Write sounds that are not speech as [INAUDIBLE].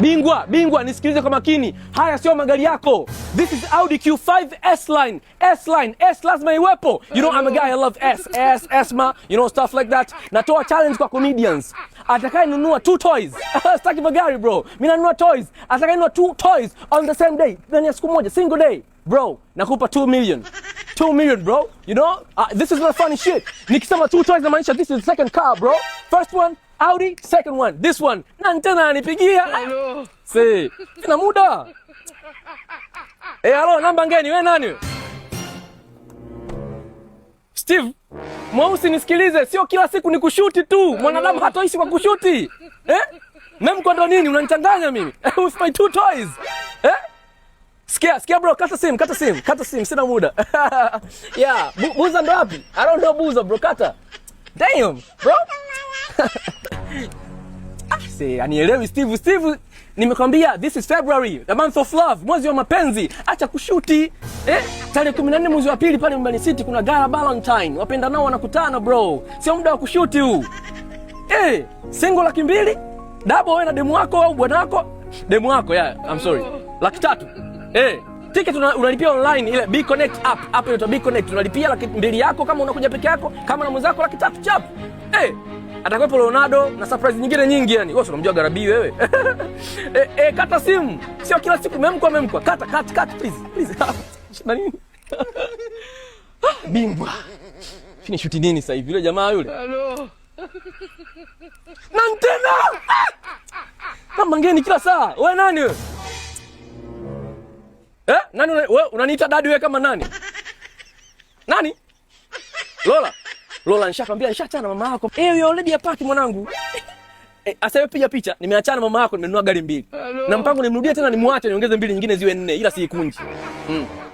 Bingwa, bingwa, nisikilize kwa makini, haya sio magari yako. This is Audi Q5 S line. S line, S lazima iwepo. You know I'm a guy I love S, S, Esma, you know stuff like that. Natoa challenge kwa comedians. Atakaye nunua two toys. [LAUGHS] Sitaki magari bro. Mimi nanunua toys. Atakaye nunua two toys on the same day. Ndani ya siku moja, single day. Bro, nakupa 2 million. 2 million bro. You know, uh, this is not funny shit. Nikisema two toys na maanisha this is the second car bro. First one Audi second one. This one. Nante Na nipigia. Hello. Si. Sina muda. Eh, halo namba ngeni we nani Steve, mweusi nisikilize, sio kila siku ni kushuti tu. Mwanadamu hatoishi kwa kushuti. Eh? Memkondo nini unanichanganya mimi? [LAUGHS] Who's my two toys. Eh? Sikia, sikia bro, kata simu, kata simu, kata simu, sina muda. [LAUGHS] yeah, bu buza ndo wapi? I don't know buza bro, kata. Damn, bro. [LAUGHS] se, anielewi Steve. Steve, nimekwambia this is February, the month of love, mwezi wa mapenzi. Acha kushuti eh, tarehe kumi 14 mwezi wa pili pale Mbani City kuna gala Valentine, wapenda nao wanakutana bro, sio muda wa kushuti huu eh. Single laki mbili double, wewe na demu wako au bwana wako demu wako yeah, I'm sorry, laki tatu eh Ticket unalipia online ile Be Connect app. App inaitwa Be Connect. Unalipia laki mbili yako kama unakuja peke yako, kama na mwenzako laki tatu chap. Eh, hey atakwepo Leonardo na surprise nyingine nyingi yani. Wewe unamjua Garabi wewe? [LAUGHS] eh, eh, kata simu. Sio kila siku memkwa memkwa. Kata kata kata please. Please. [LAUGHS] Shida nini? [LAUGHS] Bingwa. Fini shuti nini sasa hivi yule jamaa yule? Hello. Na tena. Kama ngeni kila saa. Wewe nani wewe? Eh? Nani wewe unaniita dadi wewe kama nani? Nani? Lola. Lola nishakwambia nishaachana mama yako. Eh, you already apart mwanangu. [LAUGHS] Eh, asa piga picha, nimeachana mama yako nimenunua gari mbili. Hello. Na mpango nimrudie tena nimwache niongeze mbili nyingine ziwe nne ila siikunji. Mm.